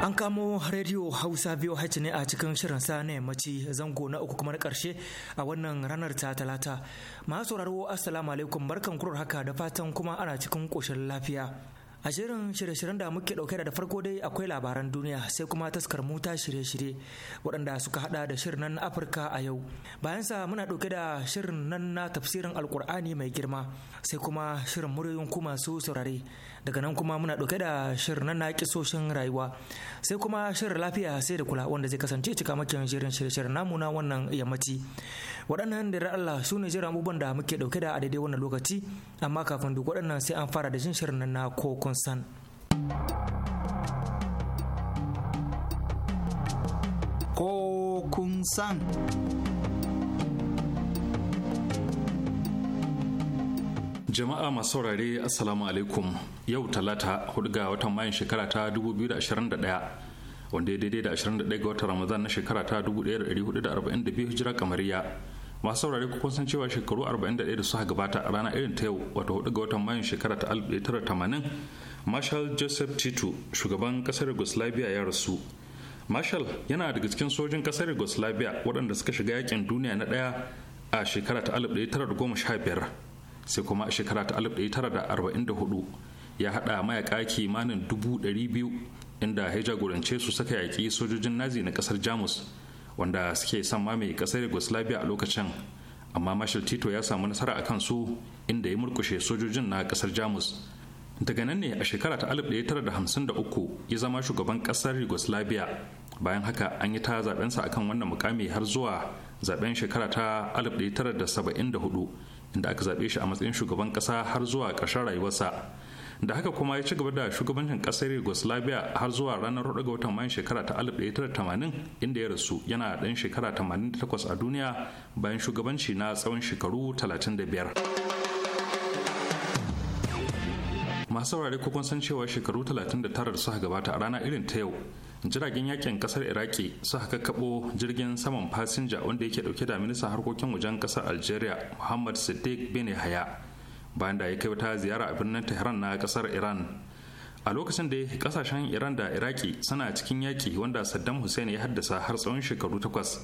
An kamo rediyo Hausa VOH ne a cikin shirin sa na mace zango na uku kuma na karshe a wannan ranar ta talata. Masu sauraro Assalamu alaikum barkan kurar haka da fatan kuma ana cikin ƙoshin lafiya. A shirin shirye-shiryen da muke ɗauke da farko dai akwai labaran duniya sai kuma taskar muta shirye-shirye waɗanda suka hada da shirin nan Afirka a yau. Bayansa muna ɗauke da shirin nan na tafsirin Alkur'ani mai girma sai kuma shirin muryoyin ku masu saurare. Daga nan kuma muna ɗauke da shirin nan na kisoshin rayuwa sai kuma shirin lafiya sai da kula wanda zai kasance cika makin shirin shirye-shiryen namu wannan yammaci. waɗannan da Allah su ne jiran abubuwan da muke ɗauke da a daidai wannan lokaci amma kafin duk waɗannan sai an fara da jin shirin na kokon san. Kokun san. Jama'a masu saurare Assalamu alaikum yau talata hudu ga watan mayan shekara ta 2021 wanda ya daidai da 21 ga watan Ramadan na shekara ta 1442 hijira kamariya masu saurare kun san cewa shekaru 41 da suka gabata a ranar irin ta yau wato hudu ga watan mayun shekara ta 1980 marshal joseph titu shugaban kasar yugoslavia ya rasu marshal yana daga cikin sojin kasar yugoslavia waɗanda suka shiga yakin duniya na ɗaya a shekara ta 1915 sai kuma a shekara ta 1944 ya haɗa mayaka kimanin dubu 200,000 inda ya jagorance su saka yaƙi sojojin nazi na ƙasar jamus wanda suke son mamaye kasar yugoslavia a lokacin amma marshal tito ya samu nasara a kansu inda ya murkushe sojojin na kasar jamus daga nan ne a shekara ta 1953 ya zama shugaban kasar yugoslavia bayan haka an yi ta zabensa akan wannan mukami har zuwa zaben shekara ta 1974 inda aka zaɓe shi a matsayin shugaban ƙasa har zuwa ƙarshen rayuwarsa da haka kuma ya ci gaba da shugabancin kasar yugoslavia har zuwa ranar 4 ga watan mayan shekara ta 1980 inda ya rasu yana dan shekara 88 a duniya bayan shugabanci na tsawon shekaru 35 masu saurare kun san cewa shekaru 39 suka gabata a rana irin ta yau jiragen yakin kasar iraki suka kakkabo jirgin saman fasinja wanda yake dauke da ministan harkokin wajen kasar algeria muhammad siddiq bin haya bayan da ya kai wata ziyara a birnin tehran na kasar iran a lokacin da kasashen iran da iraki suna cikin yaki wanda saddam hussein ya haddasa har tsawon shekaru takwas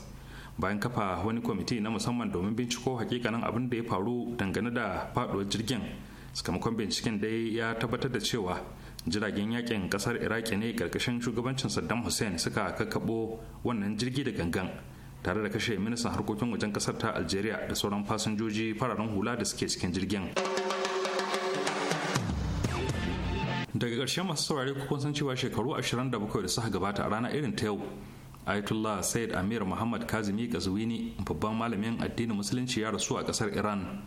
bayan kafa wani kwamiti na musamman domin binciko hakikanin abin da ya faru dangane da faduwar jirgin sakamakon binciken dai ya tabbatar da cewa jiragen yakin kasar iraki ne karkashin shugabancin saddam hussein suka kakkabo wannan jirgi da gangan tare da kashe ministan harkokin wajen kasar ta algeria da sauran fasinjoji fararen hula da suke cikin jirgin daga ƙarshe masu saurare kukun san cewa shekaru 27 da suka gabata a ranar irin ta yau ayatollah said amir muhammad kazimi kazwini babban malamin addinin musulunci ya rasu a ƙasar iran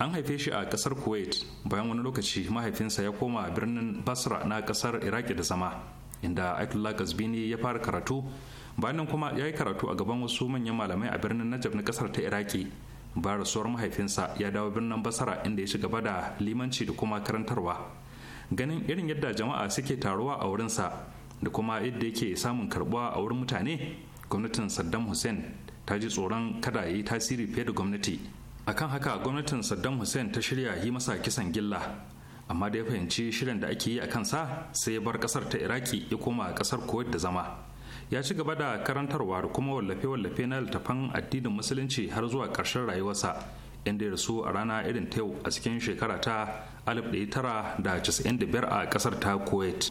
an haife shi a ƙasar kuwait bayan wani lokaci mahaifinsa ya koma birnin basra na ƙasar iraki da zama inda ayatollah kazwini ya fara karatu bayan kuma ya yi karatu a gaban wasu manyan malamai a birnin najab na kasar ta iraki bayan rasuwar mahaifinsa ya dawo birnin basara inda ya shiga da limanci da kuma karantarwa ganin irin yadda jama'a suke taruwa a wurinsa da kuma yadda yake samun karbuwa a wurin mutane gwamnatin saddam hussein ta ji tsoron kada ya yi tasiri fiye da gwamnati akan haka gwamnatin saddam hussein ta shirya yi masa kisan gilla amma da ya fahimci shirin da ake yi a kansa sai ya bar kasar ta iraki ya koma kasar kuwait da zama ya ci gaba da karantarwa da kuma wallafe-wallafe na littafan addinin musulunci har zuwa ƙarshen rayuwarsa inda ya rasu a rana irin ta yau a cikin shekara ta 1995 a ƙasar ta kuwait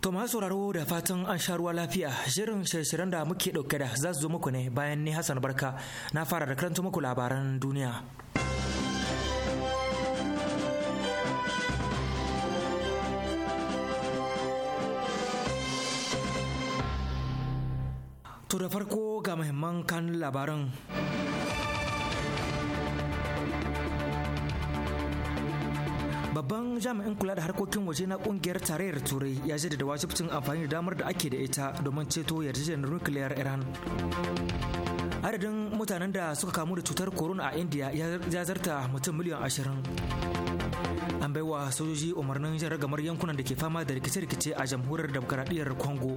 To masu sauraro da fatan an sha ruwa lafiya shirin shirye-shiryen da muke ɗauke da za su zo muku ne bayan ni Hassan Barka na fara da karanta muku labaran duniya. To da farko ga muhimman kan labaran. Babban jami'in kula da harkokin waje na kungiyar tarayyar Turai ya da wajibcin amfani da damar da ake da ita domin ceto yarjejeniyar nukiliyar Iran. Adadin mutanen da suka kamu da cutar corona a India ya zarta mutum miliyan ashirin. An baiwa sojoji umarnin jin ragamar yankunan da ke fama da rikice-rikice a jamhuriyar demokaradiyyar Congo.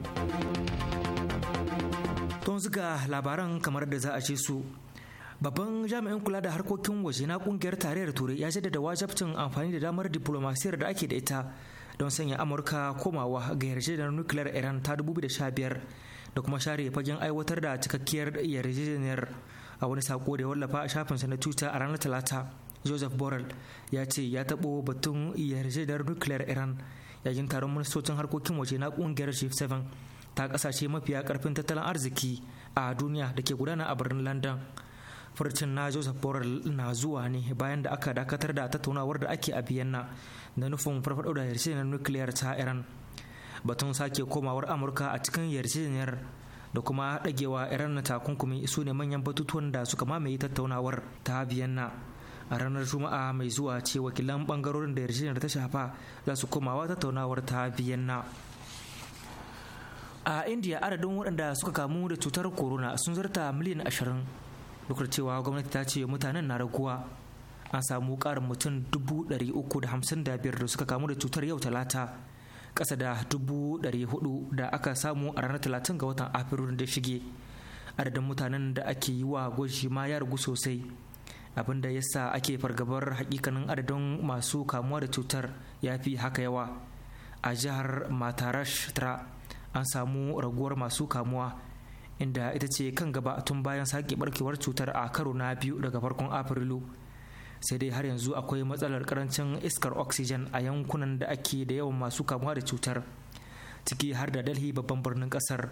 Don zuga labaran kamar da za a ce su babban jami'in kula da harkokin waje na kungiyar tarayyar turai ya jaddada wajabcin amfani da damar diplomasiyar da ake da ita don sanya amurka komawa ga yarjejeniyar nukiliyar iran ta 2015 da da kuma share fagen aiwatar da cikakkiyar yarjejeniyar a wani sako da ya wallafa a shafinsa na twitter a ranar talata joseph borrell ya ce ya taɓo batun yarjejeniyar nukiliyar iran yayin taron ministocin harkokin waje na kungiyar chief 7 ta kasashe mafiya karfin tattalin arziki a duniya da ke gudana a birnin london furcin na joseph borrell na zuwa ne bayan da aka dakatar da tattaunawar da ake a biyanna da nufin farfado da yarjejeniyar nukiliyar ta iran batun sake komawar amurka a cikin yarjejeniyar da kuma dagewa iran na takunkumi su ne manyan batutuwan da suka mamaye tattaunawar ta vienna a ranar juma'a mai zuwa ce wakilan bangarorin da yarjejeniyar ta shafa za su komawa tattaunawar ta biyanna a india adadin waɗanda suka kamu da cutar corona sun zarta miliyan ashirin duk da cewa gwamnati ta ce mutanen na raguwa an samu karin mutum 355 da suka kamu da cutar yau talata ƙasa da 400 da aka samu a ranar 30 ga watan afirin da shige adadin mutanen da ake yi wa gwaji ma ya ragu sosai abinda da ya sa ake fargabar hakikanin adadin masu kamuwa da cutar ya fi haka yawa a jihar matarash an samu raguwar masu kamuwa inda ita ce kan gaba tun bayan sake barkewar cutar a karo na biyu daga farkon afrilu sai dai har yanzu akwai matsalar karancin iskar oxygen a yankunan da ake da yawan masu kamuwa da cutar ciki har da dalhi babban birnin kasar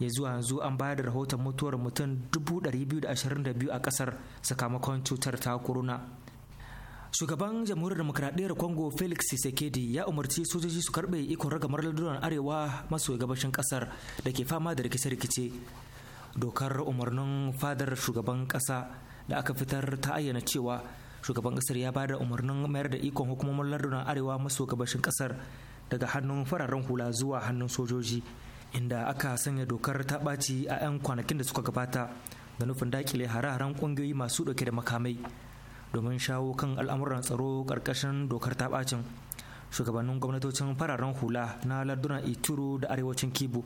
ya zuwa yanzu an bayar da rahoton mutuwar mutum 222 a kasar sakamakon cutar ta corona shugaban jamhuriyar demokradiyyar congo felix sekedi ya umarci sojoji su karbe ikon ragamar lardunan arewa maso gabashin kasar da ke fama da rikice-rikice dokar umarnin fadar shugaban kasa da aka fitar ta ayyana cewa shugaban kasar ya bada umarnin mayar da ikon hukumomin lardunan arewa maso gabashin kasar daga hannun fararen hula zuwa hannun sojoji inda aka sanya dokar ta ɓaci a 'yan kwanakin da suka gabata da nufin dakile hare-haren ƙungiyoyi masu ɗauke da makamai domin shawo kan al'amuran tsaro ƙarƙashin dokar ta ɓacin shugabannin gwamnatocin fararen hula na larduna ituro da arewacin kibo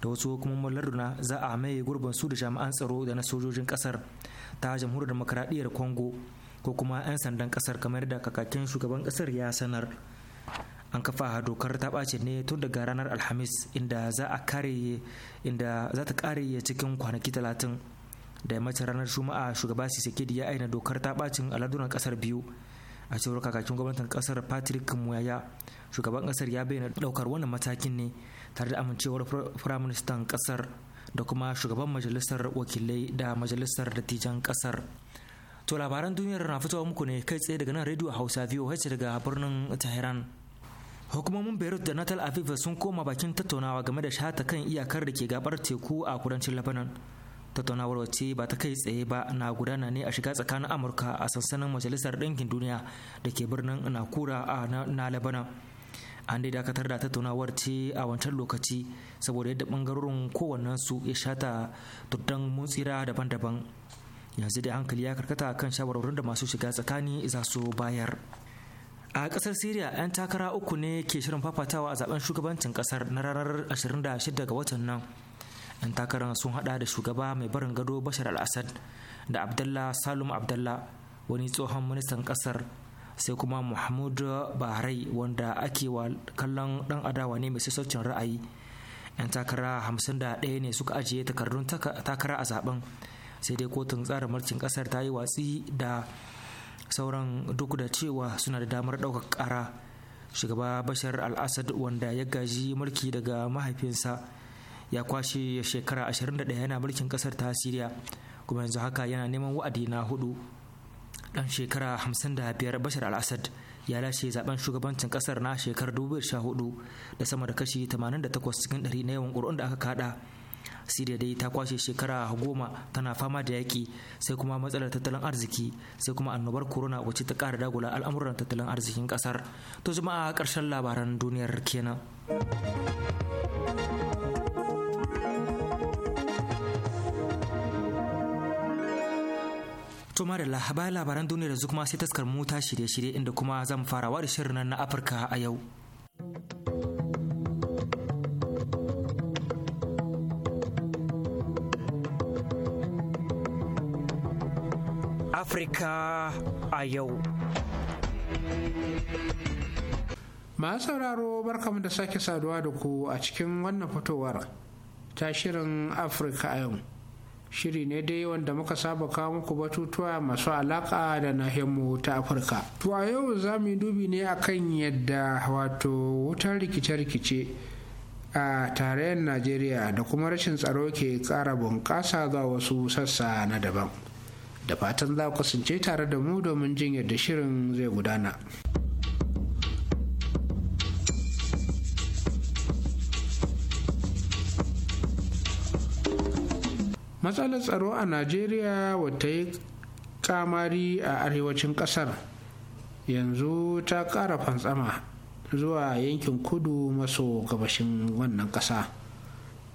da wasu hukumomin larduna za a maye gurbin su da jami'an tsaro da na sojojin kasar ta jamhuriyar demokradiyyar congo ko kuma 'yan sandan ƙasar kamar da kakakin shugaban ƙasar ya sanar an kafa dokar ta ɓace ne tun daga ranar alhamis inda za a kare inda za ta kare cikin kwanaki talatin da mace ranar juma'a shugaba sisekedi ya aina dokar ta bacin aladunan kasar biyu a cewar kakakin gwamnatin kasar patrick muyaya shugaban kasar ya bayyana daukar wannan matakin ne tare da amincewar firaministan kasar da kuma shugaban majalisar wakilai da majalisar dattijan kasar to labaran duniyar na fitowa muku ne kai tsaye daga nan radio hausa voh daga birnin tehran hukumomin beirut da natal aviv sun koma bakin tattaunawa game da shata kan iyakar da ke gabar teku a kudancin lebanon tattaunawar wacce ba ta kai tsaye ba na gudana ne a shiga tsakanin amurka a sansanin majalisar ɗinkin duniya da ke birnin nakura a na labanan an dai dakatar da tattaunawar ce a wancan lokaci saboda yadda bangarorin su ya shata tuddan mutsira daban-daban yanzu da hankali ya karkata kan shawarwarin da masu shiga tsakani za su bayar a kasar syria 'yan takara uku ne ke shirin fafatawa a zaben shugabancin kasar na ranar 26 ga watan nan 'yan takarar sun hada da shugaba mai barin gado bashar al-assad da abdullah salum abdullah wani tsohon ministan kasar sai kuma mahmud bahrai wanda ake wa kallon dan adawa ne mai sassaucin ra'ayi 'yan takara hamsin da ɗaya ne suka ajiye takardun takara a zaben sai dai kotun tsara mulkin kasar ta yi watsi da sauran duk da cewa suna da damar ɗaukar ƙara shugaba bashar al-assad wanda ya gaji mulki daga mahaifinsa ya kwashe shekara 21 yana mulkin kasar ta siriya kuma yanzu haka yana neman wa'adi na hudu dan shekara 55 bashar al-assad ya lashe zaben shugabancin kasar na shekarar 2014 da sama da kashi 88 cikin 100 na yawan ƙuri'un da aka kada siriya dai ta kwashe shekara goma tana fama da yaƙi sai kuma matsalar tattalin arziki sai kuma annobar corona wacce ta ƙara dagula al'amuran tattalin arzikin ƙasar to jama'a ƙarshen labaran duniyar kenan To Marilla, bayan labaran duniya da kuma sai taskar mota shirye-shirye inda kuma zan farawa da shirin nan na Afirka a yau. Afirka a yau. Masu sauraro barkamu da sake saduwa da ku a cikin wannan fitowar ta shirin Afirka a yau. shiri ne dai wanda muka saba kawo muku batutuwa masu alaka da nahiyarmu ta afirka to a yau za mu dubi ne akan yadda wato wutar rikice-rikice a tarayyar najeriya da kuma rashin tsaro ke kara bunƙasa ga wasu sassa na daban da fatan za ku kasance tare da mu domin jin yadda shirin zai gudana. matsalar tsaro a najeriya wata yi kamari a arewacin kasar yanzu ta ƙara fantsama zuwa yankin kudu maso gabashin wannan ƙasa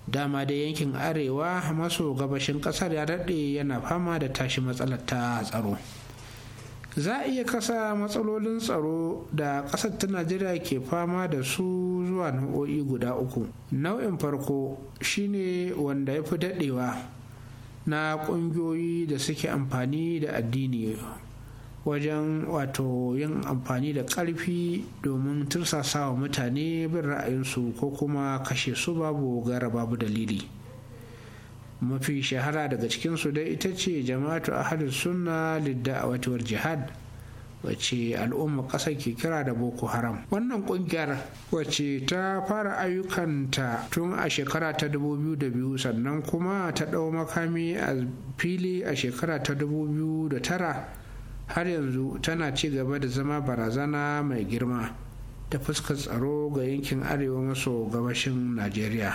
dama da yankin arewa maso gabashin ƙasar ya daɗe yana fama da tashi matsalar ta tsaro za a iya kasa matsalolin tsaro da ƙasar ta najeriya ke fama da su zuwa nau'o'i guda uku nau'in farko shine wanda ya fi daɗewa na ƙungiyoyi da suke amfani da addini wajen wato yin amfani da ƙarfi domin wa mutane bin ra'ayinsu ko kuma kashe su babu gara babu dalili mafi shahara daga cikinsu dai ita ce jama'atu ahadu sunna lidda a jihad wacce al'umma ƙasar ke kira da boko haram wannan ƙungiyar wacce ta fara ayyukanta tun a shekara ta 2002 sannan kuma ta ɗau makami a fili a shekara ta 2009 har yanzu tana ci gaba da zama barazana mai girma ta fuskar tsaro ga yankin arewa maso gabashin najeriya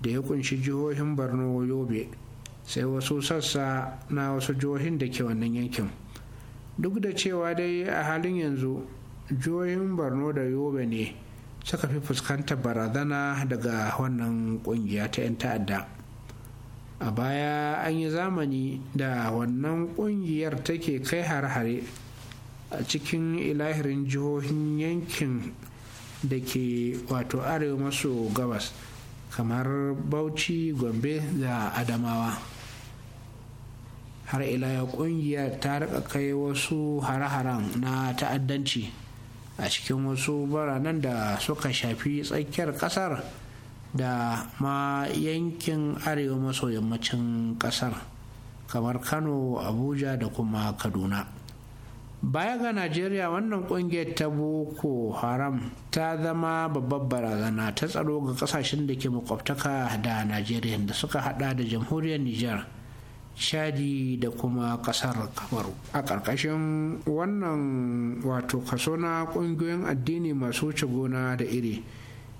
da ya kunshi jihohin borno yobe sai wasu sassa na wasu jihohin da ke wannan yankin. duk da cewa dai a halin yanzu jihohin borno da yobe ne suka fi fuskantar barazana daga wannan kungiya ta 'yan ta'adda a baya an yi zamani da wannan kungiyar take kai har-hare a cikin ilahirin jihohin yankin da ke wato arewa maso gabas kamar bauchi gombe da adamawa har ila ya kungiyar ta rika kai wasu hare-haren na ta'addanci a cikin wasu biranen da suka shafi tsakiyar kasar da ma yankin arewa maso yammacin kasar kamar kano abuja da kuma kaduna baya ga najeriya wannan kungiyar ta boko haram ta zama babbar barazana ta tsaro ga kasashen da ke makwabtaka da najeriya da suka hada da jamhuriyar nijar shadi da kuma kasar kamaru a ƙarƙashin wannan wato kaso na ƙungiyoyin addini masu wuce gona da iri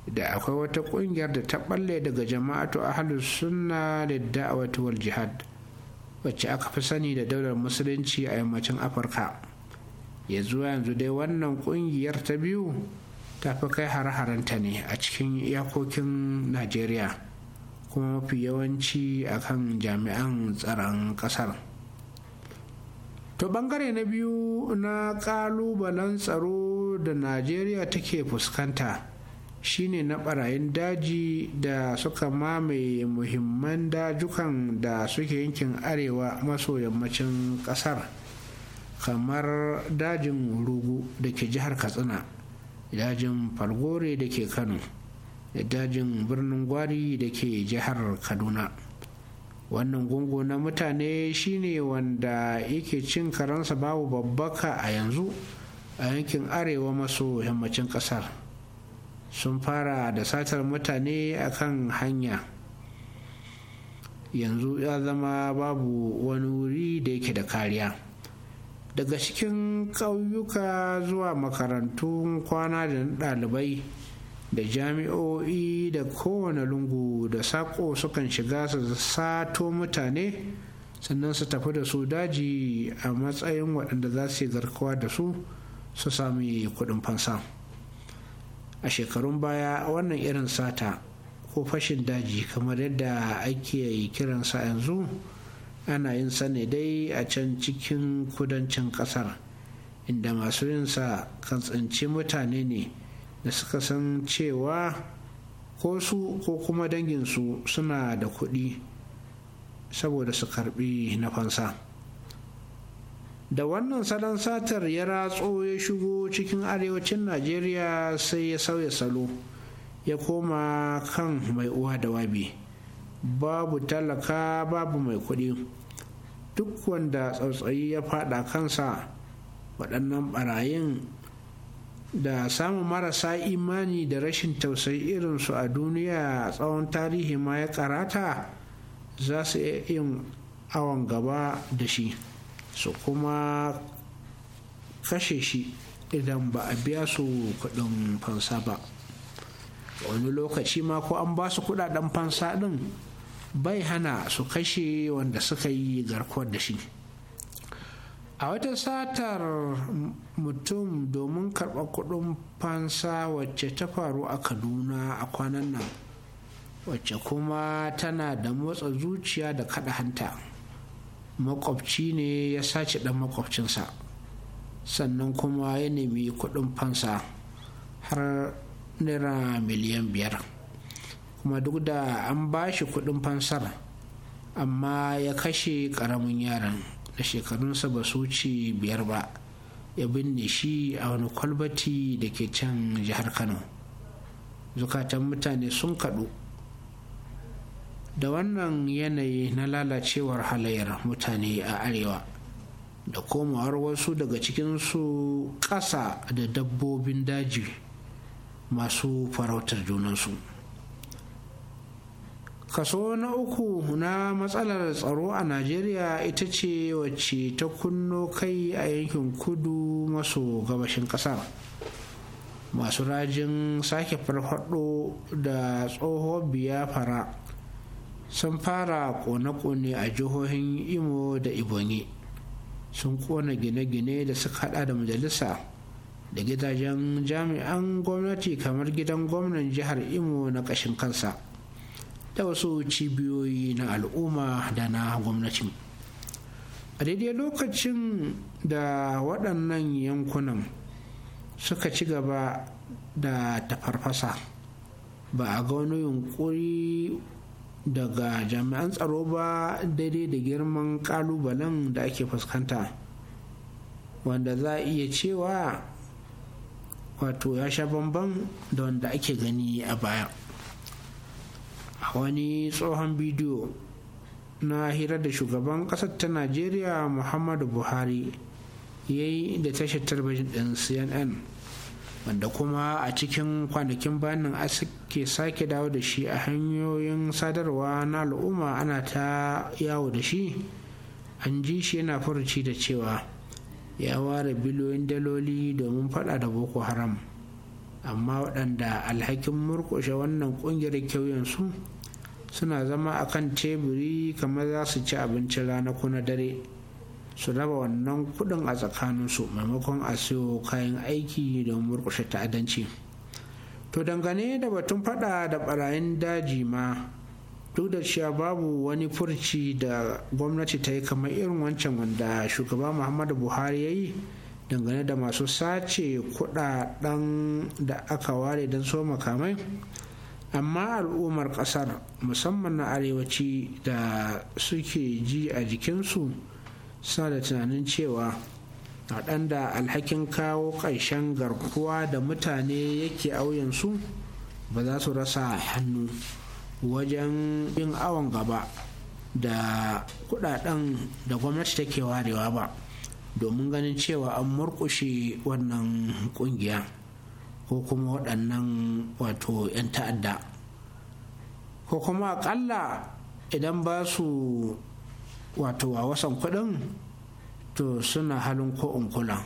da akwai wata ƙungiyar da ta ɓalle daga jama'atu ahlus sunna da da'awati wal jihad wacce aka fi sani da daular musulunci a yammacin afirka ya yanzu dai wannan ƙungiyar ta biyu ta fi kai hare-harenta ne a cikin iyakokin najeriya kuma mafi yawanci akan jami'an tsaron kasar to bangare na biyu na kalubalen tsaro da najeriya take fuskanta shine na barayin daji da suka mamaye muhimman dajukan da suke yankin arewa maso yammacin kasar kamar dajin rugu da ke jihar katsina dajin falgore da ke kano da dajin birnin gwari da ke jihar kaduna wannan gungu na mutane shine wanda yake cin karansa babu babbaka a yanzu a yankin arewa maso yammacin kasar sun fara da satar mutane a kan hanya yanzu ya zama babu wani wuri da yake da kariya daga cikin ƙauyuka zuwa makarantun kwana da ɗalibai da jami'o'i da kowane lungu da saƙo sukan shiga su sato mutane sannan su tafi da su daji a matsayin waɗanda za su yi garkuwa da su su sami kuɗin fansa a shekarun baya wannan irin sata ko fashin daji kamar yadda ake kiransa yanzu ana yin sa dai a can cikin kudancin ƙasar inda masu yin sa kan tsinci mutane ne da suka san cewa ko su ko kuma danginsu suna da kuɗi saboda su karbi na fansa da wannan salon satar ya ratso ya shigo cikin arewacin najeriya sai ya sauya salo ya koma kan mai uwa da wabi babu talaka babu mai kuɗi duk wanda tsautsayi ya fada kansa waɗannan ɓarayin da samun marasa imani da rashin tausayi irinsu a duniya tsawon tarihi ma ya karata za su iya yin awon gaba da shi su kuma kashe shi idan ba a biya su kudin fansa ba wani lokaci ma ko an ba su kudaden fansa din bai hana su kashe wanda suka yi garkuwar da shi a wata satar mutum domin karɓar kuɗin fansa wacce ta faru a kaduna a kwanan nan wacce kuma tana da motsa zuciya da kaɗa hanta makwabci ne ya sace ɗan makwabcinsa sannan kuma ya nemi kuɗin fansa har naira miliyan biyar kuma duk da an ba shi kuɗin fansar amma ya kashe ƙaramin yaran da shekarunsa ba su ce biyar ba ya binne shi a wani kwalbati da ke can jihar kano zukatan mutane sun kaɗu da wannan yanayi na lalacewar halayyar mutane a arewa da komawar wasu daga cikinsu ƙasa da dabbobin daji masu farautar junansu. kaso na uku na matsalar tsaro a najeriya ita ce wacce ta kunno kai a yankin kudu maso gabashin kasar masu rajin sake farfado da tsoho biyafara sun fara kone-kone a jihohin imo da ibonyi sun kona gine-gine da suka hada da majalisa da gidajen jami'an gwamnati kamar gidan gwamnan jihar imo na ƙashin kansa da wasu cibiyoyi na al'umma da na gwamnati a daidai lokacin da waɗannan yankunan suka ci gaba da tafarfasa ba a ga wani yunkuri daga jami'an tsaro ba daidai da girman ƙalubalen da ake fuskanta wanda za a iya cewa wato ya sha bamban da wanda ake gani a baya. a wani tsohon bidiyo na hira da shugaban ƙasar ta najeriya muhammadu buhari ya yi da tashar talabijin ɗin cnn wanda kuma a cikin kwanakin bayanin ke sake dawo da shi a hanyoyin sadarwa na al'umma ana ta yawo da shi an ji shi yana furuci da cewa ya ware biliyoyin daloli domin fada da boko haram amma waɗanda alhakin murƙushe wannan ƙungiyar kyauyen su suna zama a kan teburi kamar za su ci abincin rana ko na dare su raba wannan kudin a tsakaninsu maimakon a siyo kayan aiki don murkushe ta'adanci to dangane da batun fada da barayin daji ma duk da cewa babu wani furci da gwamnati ta yi kamar irin wancan wanda shugaba muhammadu buhari ya yi dangane da masu sace kudaden da aka ware don so makamai amma al'ummar kasar musamman na arewaci da suke ji a jikinsu sa da tunanin cewa waɗanda alhakin kawo ƙarshen garkuwa da mutane yake auyensu ba za su rasa hannu wajen yin awon gaba da kudaden da gwamnati take warewa ba domin ganin cewa an murkushe wannan kungiya ko kuma waɗannan wato 'yan ta'adda ko kuma akalla idan ba su wato a wasan kuɗin to suna halin ko kula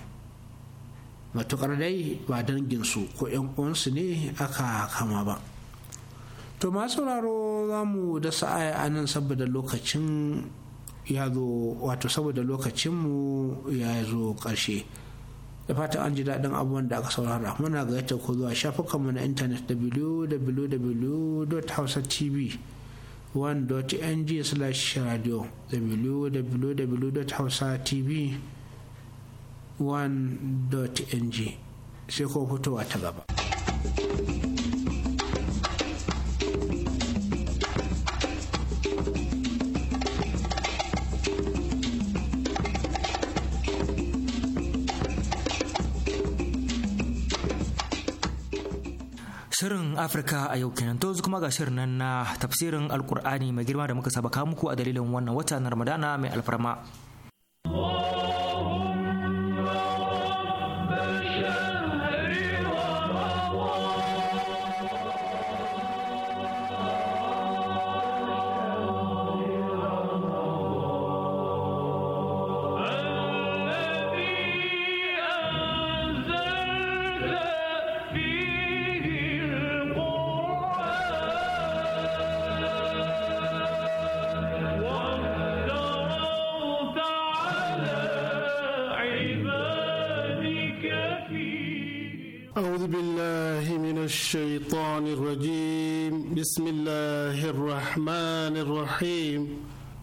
matuƙar dai ba danginsu ko 'yan uwansu ne aka kama ba to masu sauraro za mu da sa'aya a saboda lokacin ya zo wato saboda lokacinmu ya zo ƙarshe da fatan an ji daɗin abubuwan da aka saurara muna gayyata ko zuwa shafukanmu na intanet www.hausatv 1.ng slash radio www.hausatv 1.ng sai ko fitowa ta gaba. Afirka a yau kenan to kuma ga shirin nan na tafsirin Alƙur'ani mai girma da muka saba muku a dalilin wannan wata na Ramadana mai alfarma.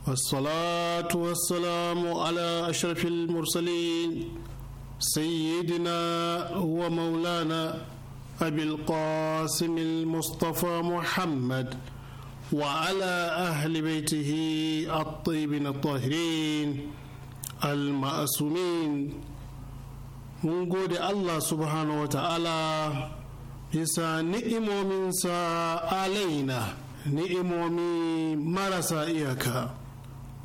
والصلاة والسلام على أشرف المرسلين سيدنا ومولانا أبي القاسم المصطفى محمد وعلى أهل بيته الطيبين الطاهرين المأسومين mun الله سبحانه وتعالى wa ta'ala bisa ni'imominsa نئم من marasa iyaka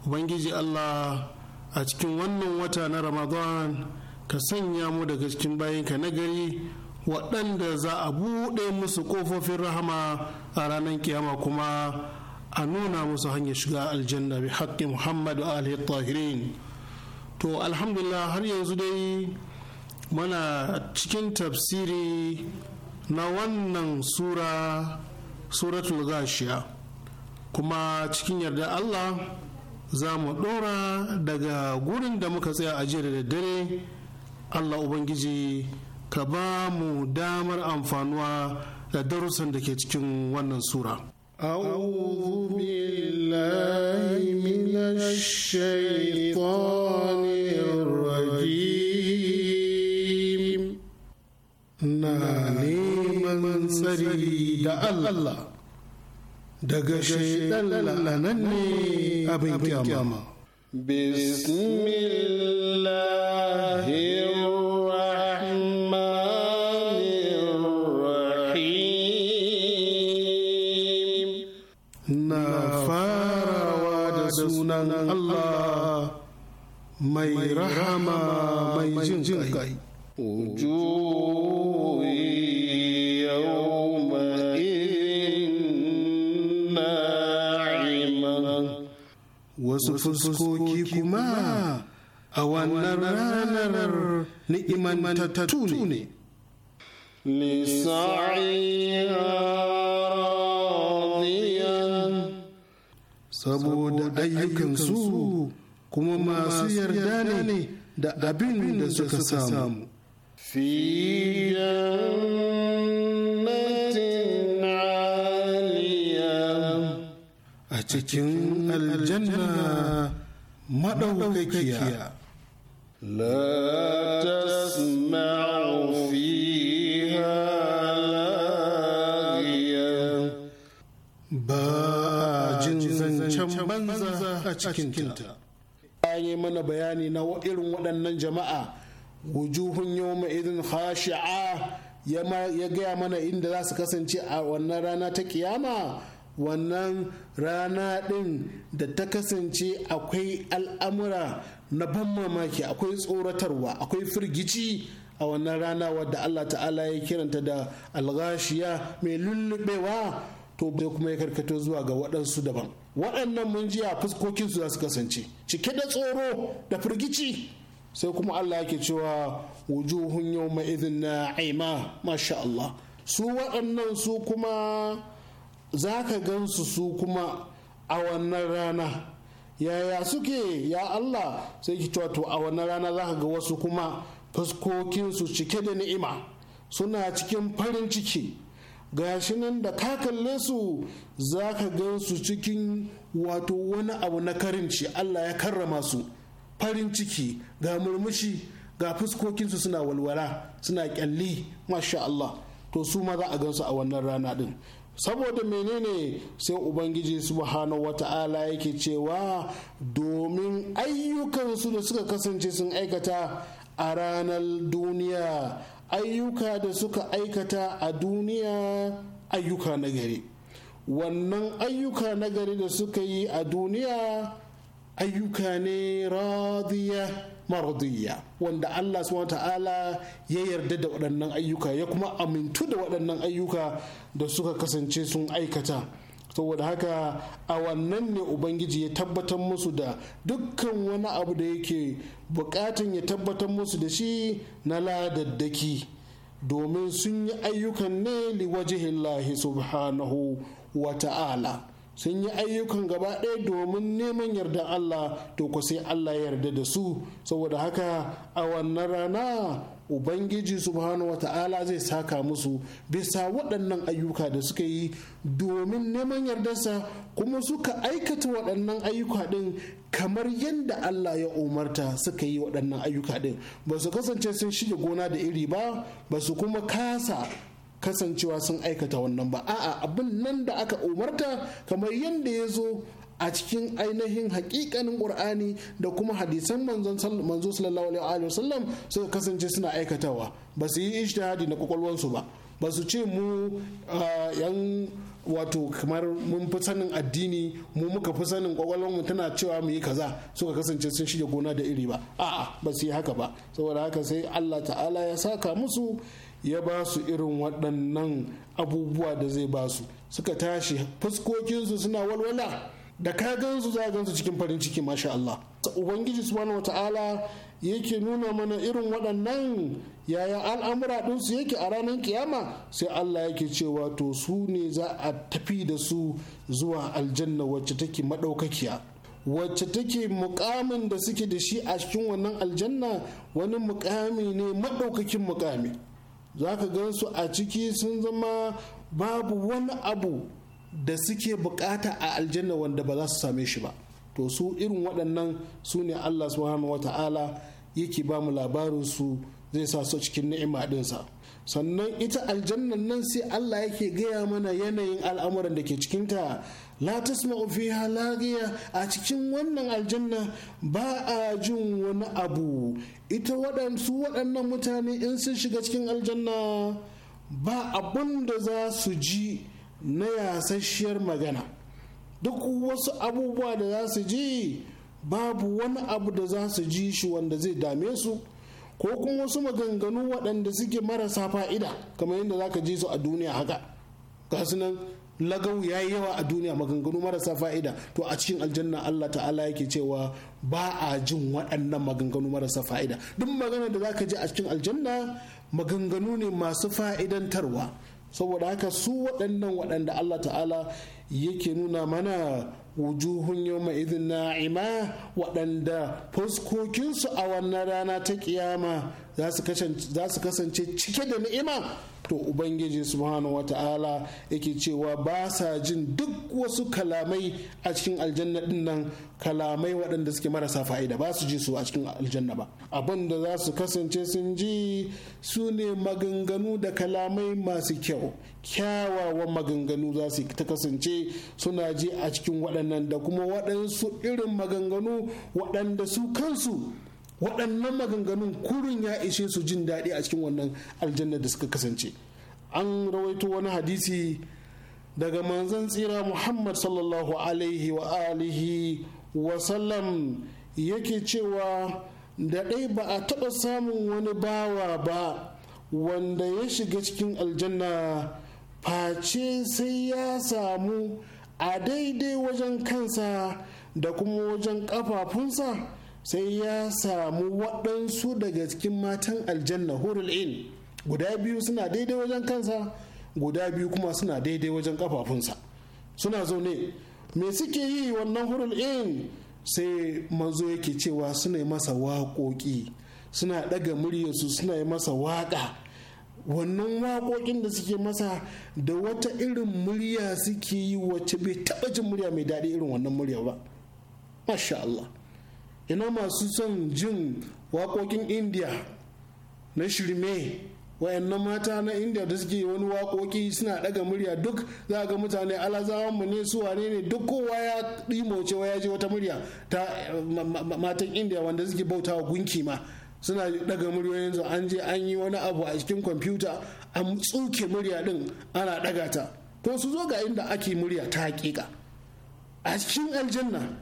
ubangiji allah a cikin wannan wata na ramadan ka sanya mu daga cikin bayanka na gari waɗanda za a buɗe musu ƙofofin rahama a ranar kiyama kuma a nuna musu hanyar shiga aljanna bi haƙƙi muhammadu alihi tahirin to alhamdulillah har yanzu dai mana cikin tafsiri na wannan sura suratul gashiya kuma cikin yarda allah za mu ɗora daga gurin da muka tsaya a jiya da dare allah ubangiji ka ba mu damar amfanuwa da darussan da ke cikin wannan sura أعوذ بالله من الشيطان الرجيم na neman tsari da Allah daga shaidan lalanan ne abin kyama. Na farawa da sunan Allah mai rahama mai jin kai. wasu fuskoki kuma a wannan ranar ni'imantattu ne. Saboda ayyukansu kuma masu yarda ne da abin da suka samu. Fiyan cikin aljanna maɗaukakiya. لا تسمع فيها لاغية باجن banza a cikinta. An yi mana bayani na irin waɗannan jama'a wujuhun yawma a sha'a ya gaya mana inda za su kasance a wannan rana ta kiyama wannan rana ɗin da ta kasance akwai al'amura na ban mamaki akwai tsoratarwa akwai firgici a wannan rana wadda Allah ta'ala ya kiranta da algashiya mai lullubewa to bai kuma ya karkato zuwa ga waɗansu daban waɗannan mun ji a fuskokinsu za su kasance cike da tsoro da firgici sai kuma Allah yake cewa wujuhun yau ma'izin na aima masha Allah su waɗannan su kuma za ka gan su su kuma a wannan rana yaya suke ya Allah sai ki cewa a wannan rana za ka ga wasu kuma fuskokinsu cike da ni'ima suna cikin farin ciki gashi nan da ka kalle su za ka gan su cikin wato wani abu na karinci Allah ya karrama su farin ciki ga murmushi ga fuskokinsu suna walwala suna kyalli masha Allah to su ma za a gan su a wannan rana din saboda menene sai ubangiji subhanahu wata'ala yake cewa domin ayyukansu da suka kasance sun aikata a ranar duniya ayyuka da suka aikata a duniya ayyuka nagari. wannan ayyuka nagari da suka yi a duniya ayyuka ne radiya marudiyya wanda Allah subhanahu ta'ala ya yarda da waɗannan ayyuka ya kuma amintu da waɗannan ayyuka da suka kasance sun aikata saboda haka a wannan ne ubangiji ya tabbatar musu da dukkan wani abu da yake bukatan ya tabbatar musu da shi na ladaddaki domin sun yi ayyukan ne lahi subhanahu wa ta'ala sun yi ayyukan gaba ɗaya domin neman yardan Allah to ko sai Allah ya yarda da su saboda haka a wannan rana Ubangiji subhanahu wa ta'ala zai saka musu bisa waɗannan ayyuka da suka yi domin neman yardarsa kuma suka aikata waɗannan ayyuka ɗin kamar yadda Allah ya umarta suka yi waɗannan ayyuka ɗin ba su kasance sun shige gona da iri ba ba su kuma kasa kasancewa sun aikata wannan ba a'a abin nan da aka umarta kamar yadda ya zo a cikin ainihin hakikanin qur'ani da kuma hadisan manzo sallallahu alaihi wasallam suka kasance suna aikatawa ba su yi ijtihadi na kwakwalwansu ba ba su ce mu yan wato kamar mun fi sanin addini mu muka fi sanin mu tana cewa mu yi kaza suka kasance sun shige gona da iri ba a'a ba su yi haka ba saboda haka sai Allah ta'ala ya saka musu ya ba su irin waɗannan abubuwa da zai ba su suka tashi fuskokinsu suna walwala da ka gansu za gansu cikin farin ciki masha Allah ubangiji subhanahu wata'ala yake nuna mana irin waɗannan yaya al'amura ɗinsu yake a ranar kiyama sai Allah yake cewa to su ne za a tafi da su zuwa aljanna wacce take maɗaukakiya wacce take mukamin da suke da shi a cikin wannan aljanna wani mukami ne maɗaukakin mukami za ka gan su a ciki sun zama babu wani abu da suke bukata a aljanna wanda ba za su same shi ba to su irin waɗannan su ne allah subhanahu wata'ala yake ba mu su zai sa su cikin ni'ima ɗinsa sannan ita aljannan nan sai allah yake gaya mana yanayin al'amuran da ke cikinta la tasma'u fiha lagiya a cikin wannan aljanna ba a jin wani abu ita waɗansu waɗannan mutane in sun shiga cikin aljanna ba abun da za su ji na yasasshiyar magana duk wasu abubuwa da za su ji babu wani abu da za su ji shi wanda zai dame su ko kuma wasu maganganu waɗanda suke marasa fa'ida kamar yadda za ka ji su a duniya haka ga nan lagau ya yi yawa a duniya maganganu marasa fa'ida to a cikin aljanna Allah ta'ala yake cewa ba a jin waɗannan maganganu marasa fa'ida duk magana da zaka ji a cikin aljanna maganganu ne masu fa'idantarwa saboda haka su waɗannan waɗanda Allah ta'ala yake nuna mana wujuhun yawma idhin na'ima waɗanda fuskokinsu a wannan rana ta kiyama za su kasance cike da ni'ima to ubangiji subhanahu wata'ala yake cewa ba sa jin duk wasu kalamai a cikin aljanna din nan kalamai waɗanda suke marasa fa'ida ba su ji su a cikin aljanna ba abin da za su kasance sun ji su ne maganganu da kalamai masu kyau kyawawan maganganu za su ta kasance suna ji a cikin waɗannan da kuma waɗansu irin maganganu waɗanda su kansu waɗannan maganganun kurin ya ishe su jin daɗi a cikin wannan aljanna da suka kasance an rawaito wani hadisi daga manzan tsira muhammad sallallahu alaihi wa alihi wa yake cewa da ɗai ba a taɓa samun wani bawa ba wanda ya shiga cikin aljanna face sai ya samu a daidai wajen kansa da kuma wajen ƙafafunsa sai ya samu waɗansu daga cikin matan aljanna hurul in guda biyu suna daidai wajen kansa guda biyu kuma suna daidai wajen kafafunsa suna zaune me suke yi wannan hurul in sai manzo yake cewa suna yi masa waƙoƙi suna ɗaga muryarsu suna yi masa waƙa wannan waƙoƙin da suke masa da wata irin murya suke yi wacce bai taɓa jin murya mai daɗi irin wannan murya ba masha Allah ina masu son jin waƙoƙin indiya na shirme wayannan mata na indiya da suke wani wakoki suna ɗaga murya duk za ga mutane alazawanmu ne su wane ne duk kowa ya ɗimoce ya je wata murya ta matan indiya wanda suke bauta wa gunki ma suna daga murya yanzu an je an yi wani abu a cikin kwamfuta a tsuke murya din ana daga ta to su zo ga inda ake murya ta hakika a cikin aljanna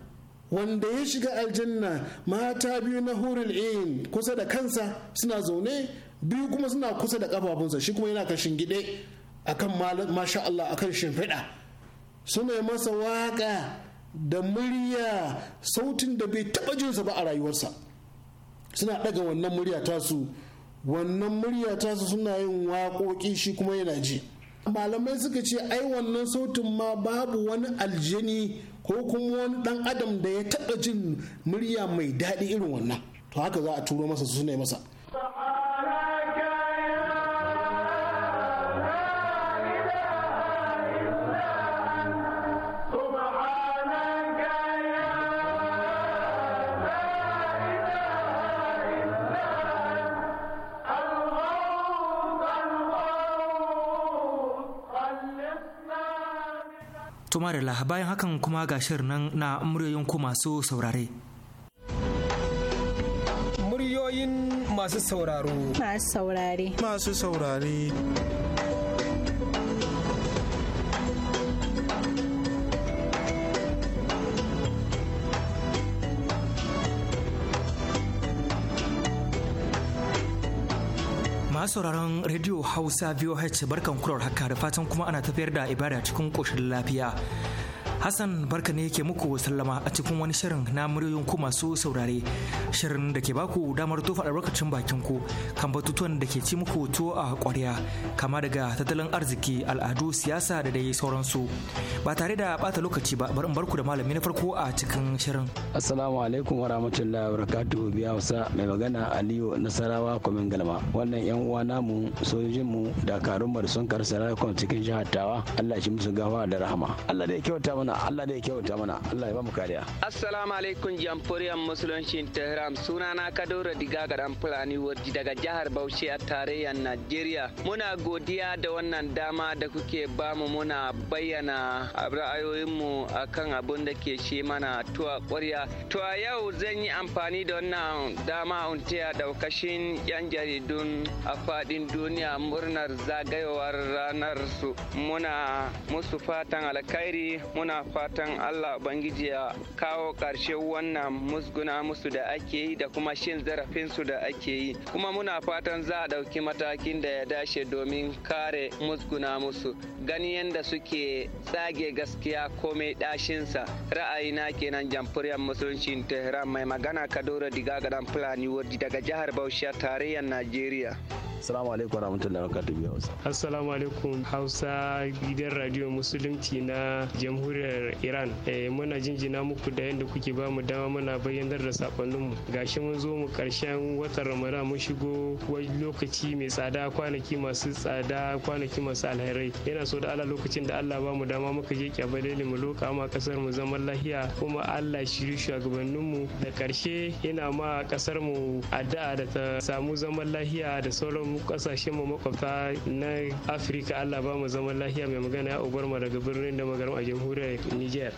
wanda ya shiga aljanna mata biyu na hurin in kusa da kansa suna zaune biyu kuma suna kusa da kafafunsa shi kuma yana kashin gide akan masha Allah akan shimfiɗa suna masa waƙa da murya sautin da bai taɓa jinsa ba a rayuwarsa suna ɗaga wannan murya tasu wannan murya tasu suna yin waƙoƙi shi kuma yana ji malamai suka ce ai wannan sautin ma babu wani aljani ko kuma wani dan adam da ya taɓa jin murya mai daɗi irin wannan to haka za a turo masa su ne masa Marila bayan hakan kuma ga shirin nan na muryoyin ku masu saurare. Muryoyin masu sauraro. Masu saurare. Masu saurare. a sauraron Radio Hausa VOH barkan kurar haka da fatan kuma ana tafiyar da ibada cikin koshin lafiya. Hassan barka ne yake muku sallama a cikin wani shirin na muryoyin ku masu saurare. Shirin da ke baku damar tofa albarkacin bakin ku kan batutuwan da ke ci muku tuwo a ƙwarya kama daga tattalin arziki, al'adu, siyasa da dai sauransu. Ba tare da bata lokaci ba bari in barku da malami na farko a cikin shirin. Assalamu alaikum wa rahmatullahi wa barakatuhu biya wasa mai magana Aliyu Nasarawa Kwamin Galma. Wannan yan uwa namu sojojin mu dakarun mu da sun karsa cikin jihar Tawa. Allah shi musu gawa da rahama. Allah da ya kyauta mana mana Allah ne kyauta mana Allah ya ba mu kariya assalamu alaikum jamhuriyar musulunci tehran sunana kadoro diga dan fulani warji daga jihar bauchi a tarayyar najeriya muna godiya da wannan dama da kuke bamu muna bayyana ra'ayoyinmu akan abun da ke shi mana tuwa ƙwarya to a yau zan yi amfani da wannan dama untiya daukashin yan jaridun a faɗin duniya murnar zagayowar ranar su muna musu fatan alkhairi muna fatan allah bangiji ya kawo ƙarshen wannan musguna musu da ake yi da kuma shin zarafinsu da ake yi kuma muna fatan za a ɗauki matakin da ya dashe domin kare musguna musu gani yadda suke tsage gaskiya komai ɗashinsa ra'ayina kenan jamfuriyar musulunci tehran mai magana kadoro diga gadan fulani daga jihar bauchi tarayyar najeriya assalamu alaikum warahmatullahi wabarakatuh biya hausa assalamu alaikum hausa gidan radio musulunci na jamhuriyar iran eh, muna jinjina muku da yadda kuke ba mu dama muna bayyanar da mu gashi mun zo mu karshen watan ramadan mun shigo wani lokaci mai tsada kwanaki masu tsada kwanaki masu alherai ina so da allah lokacin da allah ba mu dama muka je kyabalele mu loka ma kasar mu zaman lahiya kuma allah shiri mu da karshe ina ma kasar mu addu'a da ta samu zaman lahiya da sauran kasashen mu makwabta na afirka allah ba mu zaman lafiya mai magana ubar mu daga birnin da magaram a jamhuriyar niger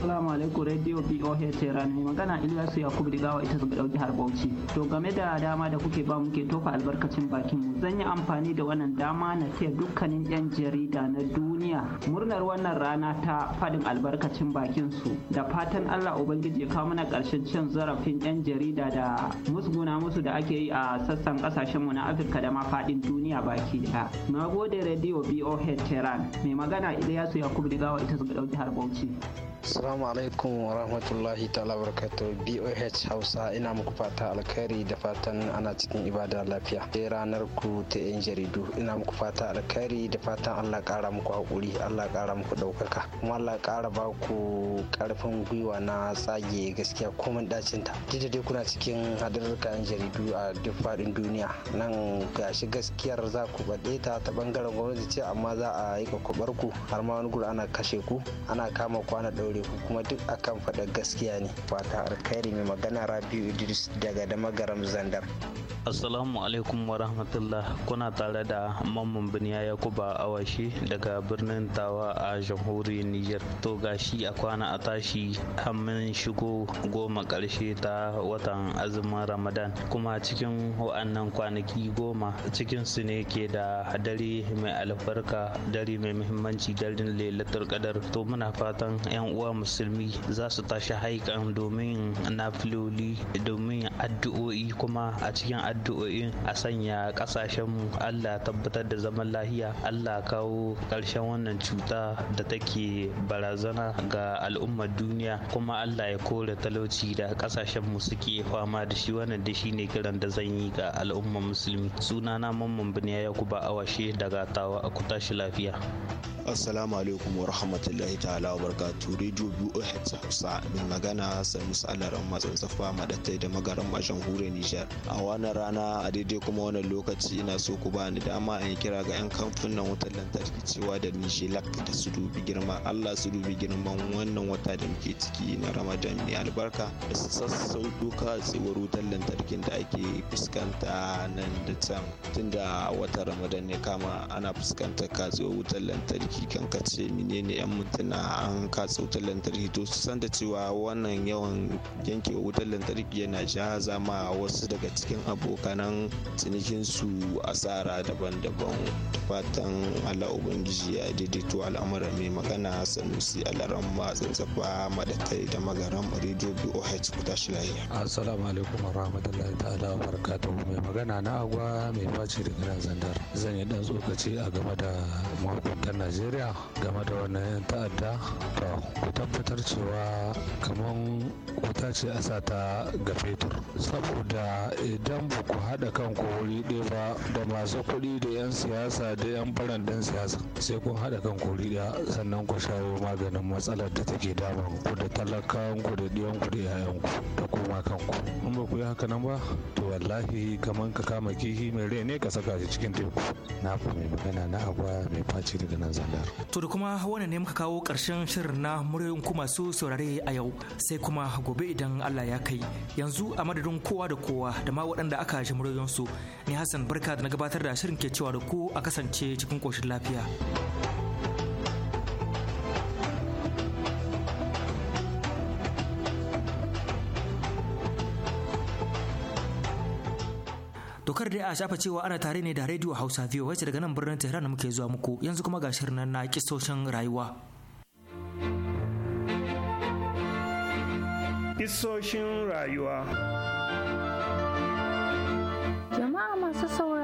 assalamu alaikum radio boh tehran mai magana ilyasu yakubu digawa ita zuga dauki har bauchi to game da dama da kuke ba muke tofa albarkacin bakin mu zan yi amfani da wannan dama na taya dukkanin yan jarida na duniya murnar wannan rana ta fadin albarkacin bakin su da fatan allah ubangiji ya kawo mana karshen cin zarafin yan jarida da musguna musu da ake yi a sassan kasashen mu na afirka da ma faɗin duniya baki ɗaya. Na gode Radio BOH Tehran mai magana Ilyasu Yakubu Digawa ita su ɗauki har Bauchi. Assalamu alaikum wa rahmatullahi ta'ala barakatuh BOH Hausa ina muku fata alkhairi da fatan ana cikin ibada lafiya. Sai ranar ku ta yan jaridu ina muku fata alkhairi da fatan Allah kara muku hakuri, Allah kara muku daukaka. Kuma Allah kara ba ku karfin gwiwa na tsage gaskiya komai dacin ta. Duk da dai kuna cikin hadarurruka yan jaridu a duk faɗin duniya nan ga gashi gaskiyar za ku baɗe ta ta bangaren gwamnati ce amma za a yi kwakwabar ku har ma wani gura ana kashe ku ana kama kwana ɗaure ku kuma duk akan faɗa gaskiya ne fata alkhairi mai magana rabiu idris daga damagaram zandar Assalamu alaikum wa rahmatullah kuna tare da mamman biniya yakuba awashi daga birnin tawa a jamhuriyar niger To gashi a kwana a tashi hammin shigo goma karshe ta watan azumin Ramadan kuma cikin wa'annan kwanaki goma cikinsu ne ke da dare mai albarka dare mai muhimmanci darin lailatul kadar to muna fatan 'yan uwa musulmi za su tashi haikan domin nafiloli domin addu'o'i kuma a cikin addu'o'i, a sanya kasashen mu allah tabbatar da zaman lahiya allah kawo karshen wannan cuta da take barazana ga al'ummar duniya kuma allah ya kore talauci da ƙasashenmu suke fama da shi wannan da shi ne kiran da zan yi ga al'ummar musulmi sunana mamman biniya yakuba awashe daga tawa a kutashi lafiya assalamu alaikum wa rahmatullahi ta'ala wa barakatu radio boh hausa mai magana sanusi alaran matsantsafa madatai da magaran a Hure nijar a wannan rana a daidai kuma wannan lokaci ina so ku bani dama in kira ga yan kamfanin wutar lantarki cewa da lak da su dubi girma allah su dubi girman wannan wata da muke ciki na ramadan mai albarka da su sassauto katsewar wutar lantarkin da ake fuskanta nan da can tunda watan ramadan ne kama ana fuskantar katsewar wutar lantarki hakikan ka ce menene yan mutuna an katse wutar lantarki to su san da cewa wannan yawan yanke wutar lantarki yana jaza ma wasu daga cikin abokanan cinikinsu asara daban-daban fatan Allah Ubangiji ya daidaito al'amuran mai magana sanusi alaran ma tsantsafa madatai da magaran rediyo BOH kuta shi lahiya. Assalamu alaikum wa rahmatullahi ta'ala wa barakatuhu mai magana na agwa mai face da zandar zan yi dan tsokaci a game da mahukuntan Najeriya najeriya game da wannan yan ta'adda to ku tabbatar cewa kamar wuta ce a ta ga fetur saboda idan ba ku haɗa kanku wuri ɗaya ba da masu kuɗi da 'yan siyasa da 'yan faran siyasa sai kun haɗa kanku wuri ɗaya sannan ku shawo maganin matsalar da take damar ku da talakan da ɗiyan da 'ya'yanku da kuma kanku in ba ku yi haka nan ba to wallahi kamar ka kama kifi mai rai ne ka saka shi cikin teku na fi mai magana na abuwa mai faci daga nan zama Dar. To da kuma wannan ne muka kawo ƙarshen shirin na muryoyin ku masu saurare a yau sai kuma gobe idan Allah ya kai yanzu a madadin kowa da kowa da ma waɗanda aka ji su ne Hassan barka da na gabatar da shirin ke cewa da ku a kasance cikin ƙoshin lafiya. dokar da a shafa cewa ana tare ne da rediyo hausa biyu wacce daga nan birnin tehran muke zuwa muku yanzu kuma ga shirin na kisoshin rayuwa kisoshin rayuwa jama'a masu saurari.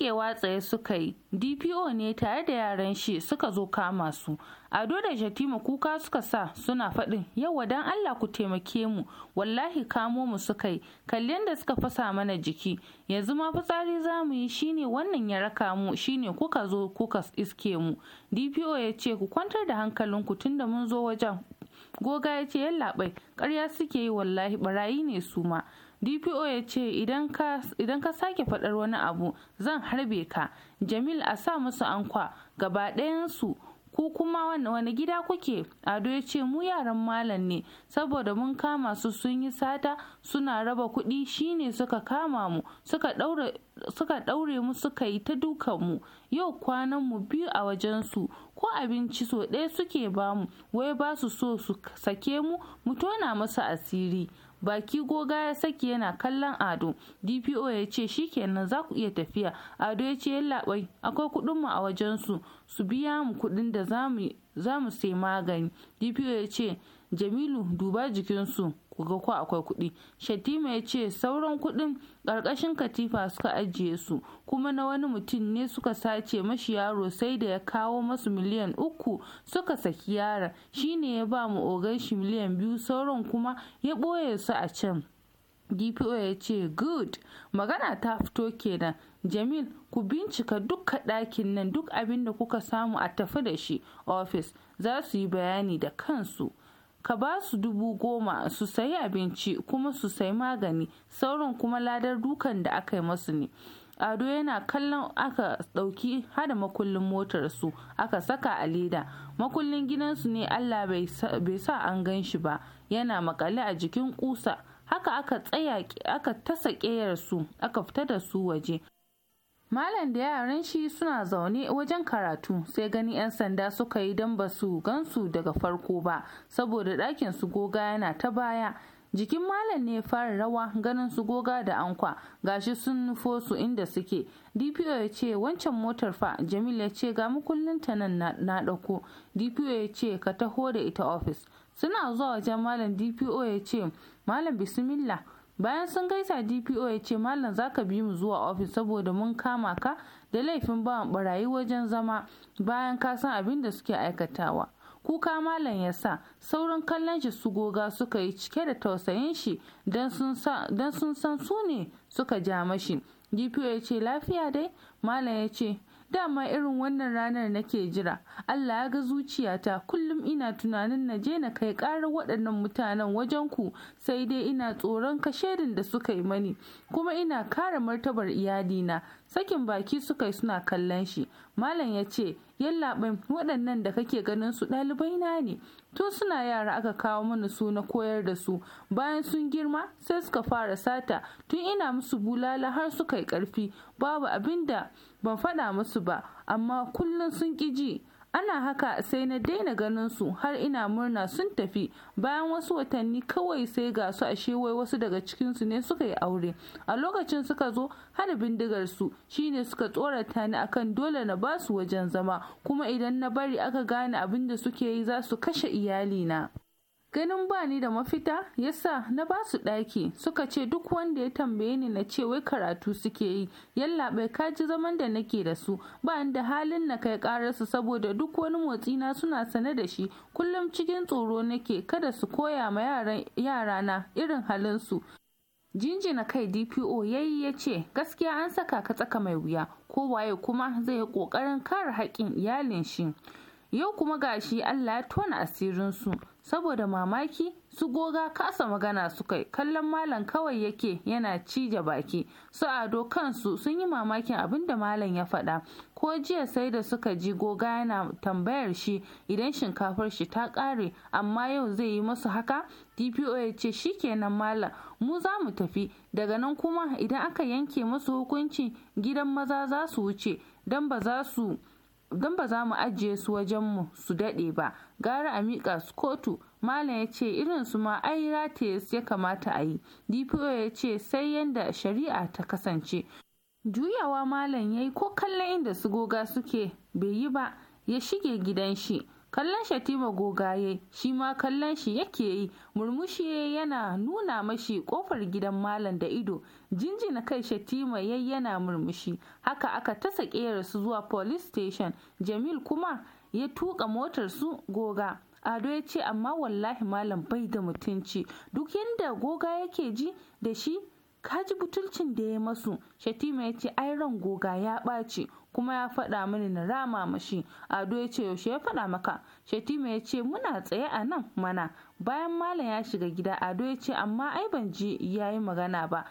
Suke tsaye suka yi dpo ne tare da yaran shi suka zo kama su ado da shatima kuka suka sa suna faɗin yawa dan allah ku taimake mu wallahi kamo mu suka yi kallon da suka fasa mana jiki yanzu ma fitsari za mu yi shine wannan ya raka mu shine kuka zo kuka iske mu dpo ya ce ku kwantar da hankalin ku tunda mun zo wajen goga ya ce yallaɓai ƙarya suke yi wallahi barayi ne su ma dpo ya ce idan ka sake faɗar wani abu zan harbe ka jamil a sa musu ankwa gaba ɗayansu ku kuma wani gida kuke ado ya ce mu yaran malam ne saboda mun kama su sun yi sata suna raba kuɗi shine suka kama mu suka ɗaure mu suka yi ta dukan mu yau kwanan mu biyu a wajensu ko abinci so ɗaya suke bamu wai ba su so su sake mu mu tona musu asiri baki goga ya saki yana kallon ado dpo ya ce shikenan za ku iya tafiya ado ya ce yallaɓai akwai mu a wajensu su biya mu kuɗin da za mu sai magani dpo ya ce jamilu duba jikinsu ku ga ko akwai kuɗi shatima ya ce sauran kuɗin ƙarƙashin katifa suka ajiye su kuma na wani mutum ne suka sace mashi yaro sai da ya kawo masu miliyan uku suka saki yaron shine ya ba mu ogan shi miliyan biyu sauran kuma ya ɓoye su a can dpo ya ce good magana ta fito kenan jamil ku bincika duka ɗakin nan duk abin da kuka samu a tafi da shi ofis za su yi bayani da kansu ka ba su dubu goma su sayi abinci kuma su sayi magani sauran kuma ladar dukan da aka yi masu ne ado yana kallon aka ɗauki hada makullin motar su aka saka a leda makullin gidansu ne allah bai sa an gan shi ba yana makale a jikin kusa haka aka tsaya aka tasa su aka fita da su waje malam da yaran shi suna zaune wajen karatu sai gani 'yan sanda suka yi don basu gansu daga farko ba saboda ɗakin su goga yana ta baya jikin malam ne fara rawa ganin su goga da ankwa gashi sun nufo su inda suke dpo ya ce wancan motar fa jamil ya ce ga mukullin ta nan na ɗauko dpo ya ce ka taho da ita ofis suna zuwa wajen malam dpo ya ce malam bismillah bayan sun gaisa dpo ya ce malam zaka bi mu zuwa ofis saboda mun kama ka da laifin bawan barayi wajen zama bayan ka san abin da suke aikatawa kuka malam ya sa saurin kallon shi su goga suka yi cike da tausayin shi don sun san su ne suka ja mashi dpo ya ce lafiya dai malam ya ce dama irin wannan ranar nake jira Allah ya ga zuciyata kullum ina tunanin na je na kai karar waɗannan mutanen wajen ku sai dai ina tsoron kashedin da suka yi mani kuma ina kare martabar iyalina sakin baki suka yi suna kallon shi malam ya ce yallaɓin waɗannan da kake ganin su ɗalibai na ne tun suna yara aka kawo mana su na koyar da su bayan sun girma sai suka fara sata tun ina musu bulala har suka yi ƙarfi babu abin da ban faɗa musu ba amma kullum sun ƙi ji ana haka sai na daina ganin su har ina murna sun tafi bayan wasu watanni kawai sai ga su a shewai wasu daga cikinsu ne suka yi aure a lokacin suka zo hana bindigar su shine suka tsorata ni akan dole na basu wajen zama kuma idan na bari aka gane abin da suke yi za su kashe iyalina ganin ba ni da mafita yasa na ba su ɗaki suka ce duk wanda ya tambaye ni na ce wai karatu suke yi yallaɓai ka ji zaman da nake da su ba da halin na kai ƙararsu saboda duk wani motsi na suna sane da shi kullum cikin tsoro nake kada su koya ma yarana irin halinsu jinjina kai dpo yayi ya ce gaskiya an saka ka tsaka mai wuya ko waye kuma zai yi ƙoƙarin kare haƙƙin iyalin shi yau kuma gashi Allah ya tona asirin su saboda mamaki su goga kasa magana suka yi kallon malam kawai yake yana cije baki su ado kansu sun yi mamakin abin da malam ya faɗa ko jiya sai da suka ji goga yana tambayar shi idan shinkafar shi ta ƙare amma yau zai yi musu haka dpo ya ce kenan malam mu za mu tafi daga nan kuma idan aka yanke masu hukunci gidan maza za su wuce don ba za su don ba za mu ajiye su wajen mu su daɗe ba gara a miƙa su kotu malam ya ce irin su ma ai rataye ya kamata a yi dpo ya ce sai yanda shari'a ta kasance juyawa malam ya yi ko kallon inda su goga suke bai yi ba ya shige gidan shi kallon shatima gogaye shi ma kallon shi yake yi murmushi yana nuna mashi kofar gidan malam da ido jinjina kai shatima yayi yana murmushi haka aka ta sakera su zuwa police station jamil kuma ya tuka motar su goga ado ya ce amma wallahi malam bai da mutunci duk yadda goga yake ji da shi ka ji butulcin da ya masu shatima ya ce ai ran goga ya ɓaci kuma ya faɗa mini na rama mashi ado ya ce yaushe ya faɗa maka shatima ya ce muna tsaye a nan mana bayan malam ya shiga gida ado ya ce amma ai ban ji ya yi magana ba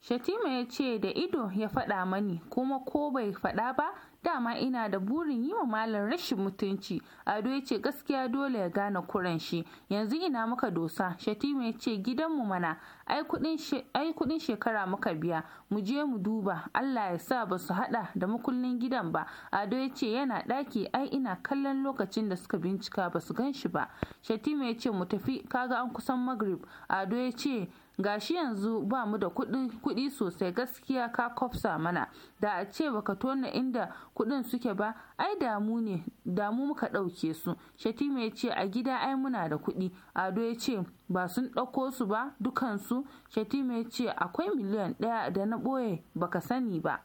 shatima ya ce da ido ya faɗa mani kuma ko bai faɗa ba dama ina da burin yi wa malam rashin mutunci ado ya ce gaskiya dole ya gane kuran shi yanzu ina muka dosa shatima ya ce gidanmu mana ai kudin shekara muka biya mu je mu duba allah ya sa ba su hada da makullin gidan ba ado ya ce yana daki ai ina kallon lokacin da suka bincika ba su gan shi ba shatima ya ce mu tafi kaga an kusan magrib ado ya ce gashi yanzu ba mu da kuɗi sosai gaskiya ka kofsa mana da a ce baka tona inda kuɗin suke ba ai damu ne damu muka ɗauke su shatima ya ce a gida ai muna da kuɗi ado ya ce ba sun ɗauko su ba dukansu shatima ya ce akwai miliyan ɗaya da na ɓoye baka sani ba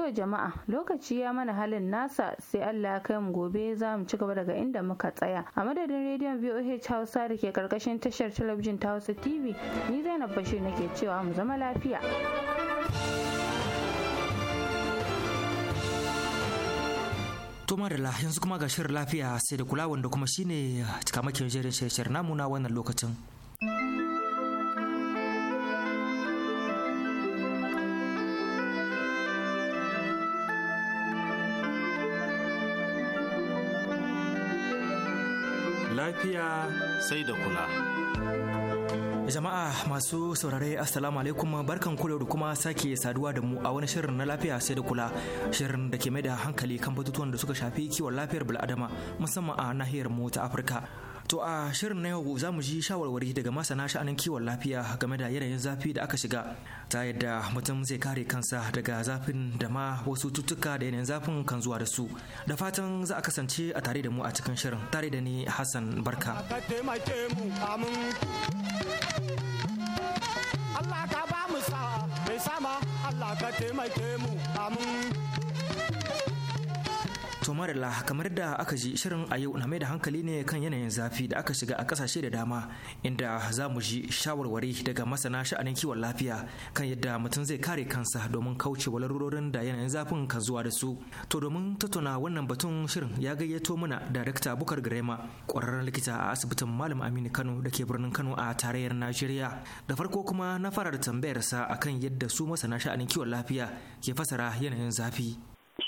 To jama'a lokaci ya mana halin nasa sai Allah ya kai mu gobe za mu ci gaba daga inda muka tsaya. A madadin rediyon VOH Hausa da ke karkashin tashar talabijin ta Hausa TV ni Zainab Bashir nake cewa mu zama lafiya. da la yanzu kuma ga shirin lafiya sai da kula wanda kuma shine cikamakin jerin shirin namu na wannan lokacin. lafiya sai da kula. Jama'a masu saurare Assalamu alaikum barkan kula da kuma sake saduwa da mu a wani shirin na lafiya sai da kula shirin da ke mai da hankali kan batutuwan da suka shafi kiwon lafiyar bil'adama musamman a nahiyar mu ta Afirka. To a shirin na yau za mu ji shawarwari daga masana sha'anin kiwon lafiya game da yanayin zafi da aka shiga ta yadda mutum zai kare kansa daga zafin da ma wasu tutuka da yanayin zafin kan zuwa da su. Da fatan za a kasance a tare da mu a cikin shirin tare da ni Hassan Barka. Allah mai sama Allah ka taimake mu To marilla kamar da aka ji shirin a yau na mai da hankali ne kan yanayin zafi da aka shiga a kasashe da dama inda za mu ji shawarwari daga masana sha'anin kiwon lafiya kan yadda mutum zai kare kansa domin wa larurorin da yanayin zafin kan zuwa da su. To domin tattauna wannan batun shirin ya gayyato mana Darakta Bukar grema ƙwararren likita a asibitin Malam Aminu Kano da ke birnin Kano a tarayyar Najeriya. Da farko kuma na fara da tambayarsa akan yadda su masana sha'anin kiwon lafiya ke fasara yanayin zafi.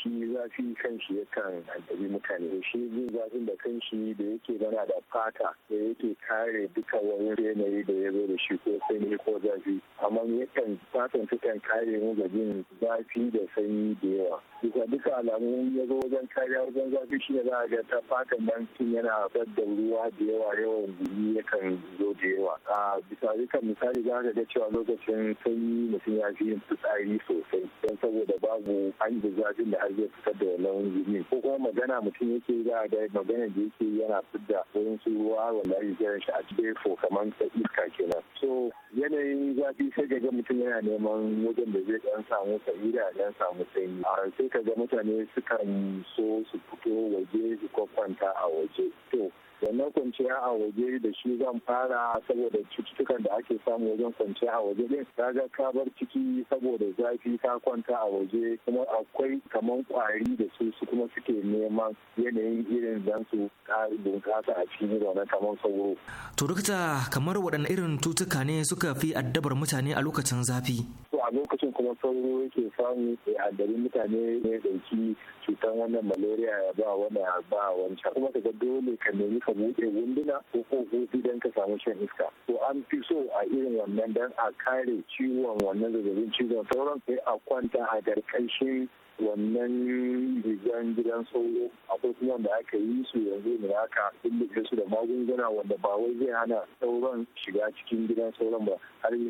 shi zafi kan shi yakan addabi mutane shi jin zafin da kan shi da yake bana da fata da yake kare duka wani yanayi da ya zo da shi ko sanyi ko zafi amma kan fatan sukan kare mu da jin zafi da sanyi da yawa duka duka alamu ya zo wajen kariya wajen zafi shi ne za a ga ta fatan bankin yana da ruwa da yawa yawan gumi yakan zo da yawa a bisa duka misali za ka ga cewa lokacin sanyi mutum ya fi yin fitsari sosai don saboda babu an zafin da har fitar da wannan jini ko kuma magana mutum yake za a ga magana da yake yana fidda wurin su ruwa wanda ake kiran shi a defo kamar ta iska kenan so yanayin zafi sai ga mutum yana neman wajen da zai dan samu sa'ida dan samu sanyi a sai ka ga mutane sukan so su fito waje su kwakwanta a waje to wannan kwanciya a waje da shi zan fara saboda cututtukan da ake samu wajen kwanciya a waje din kaga ka bar ciki saboda zafi ka kwanta a waje kuma akwai kaman kwari da su su kuma suke neman yanayin irin zansu su bunƙasa a cikin irin wannan kaman sauro. to dukta kamar waɗanne irin tutuka ne suka fi addabar mutane a lokacin zafi. a lokacin kuma sauro yake samu ya addabi mutane ne ɗauki cutar wannan malaria ya ba wani ba wancan kuma daga dole ka nemi ka ka buɗe wunduna ko kofofi don ka samu shan iska to an fi so a irin wannan don a kare ciwon wannan zazzabin cizon sauran sai a kwanta a karkashin wannan rigan gidan sauro akwai kuma da aka yi su yanzu ne aka lullube su da magunguna wanda ba wai zai hana sauran shiga cikin gidan sauran ba har yi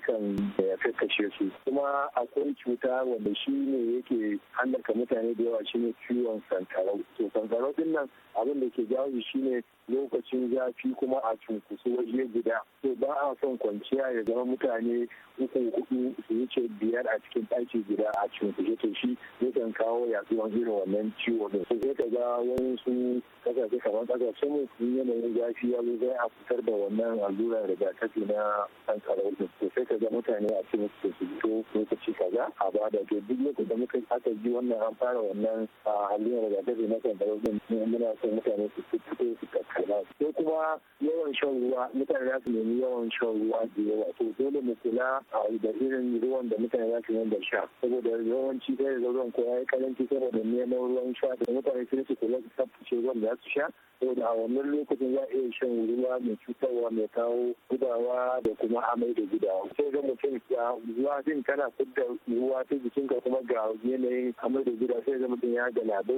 da ya kashe su kuma akwai cuta wanda shi ne yake hannarka mutane da yawa shi ne ciwon sankarau to sankarau din nan abin da ke jawo shi ne lokacin zafi kuma a cunkusu waje guda to ba a son kwanciya ya zama mutane yakan kuɗi su wuce biyar a cikin ɗaki guda a cikin kuɗe to shi yakan kawo yaduwan irin wannan ciwo da sai zai ka ga wani su kasashe kamar kasashe mu in yanayin zafi ya zo zai a fitar da wannan allurar rigakafi na sankarau din to sai ka ga mutane a cikin su su fito lokaci kaza a bada to duk lokacin da muka aka ji wannan an fara wannan allurar rigakafi na sankarau din muna so mutane su fito su kakkara ko kuma yawan shan ruwa mutane za su nemi yawan shan ruwa da yawa to dole mu kula da irin ruwan da mutane za su da sha saboda yawanci sai da ruwan ko ya kalanci karanci saboda neman ruwan sha da mutane sai su kula da tsaftace ruwan da za su sha saboda a wannan lokacin za a iya shan ruwa mai cutarwa mai kawo gudawa da kuma amai da gudawa sai ga mutum ya ruwa jin kana fidda ruwa ta jikinka kuma ga yanayin amai da gudawa sai ga mutum ya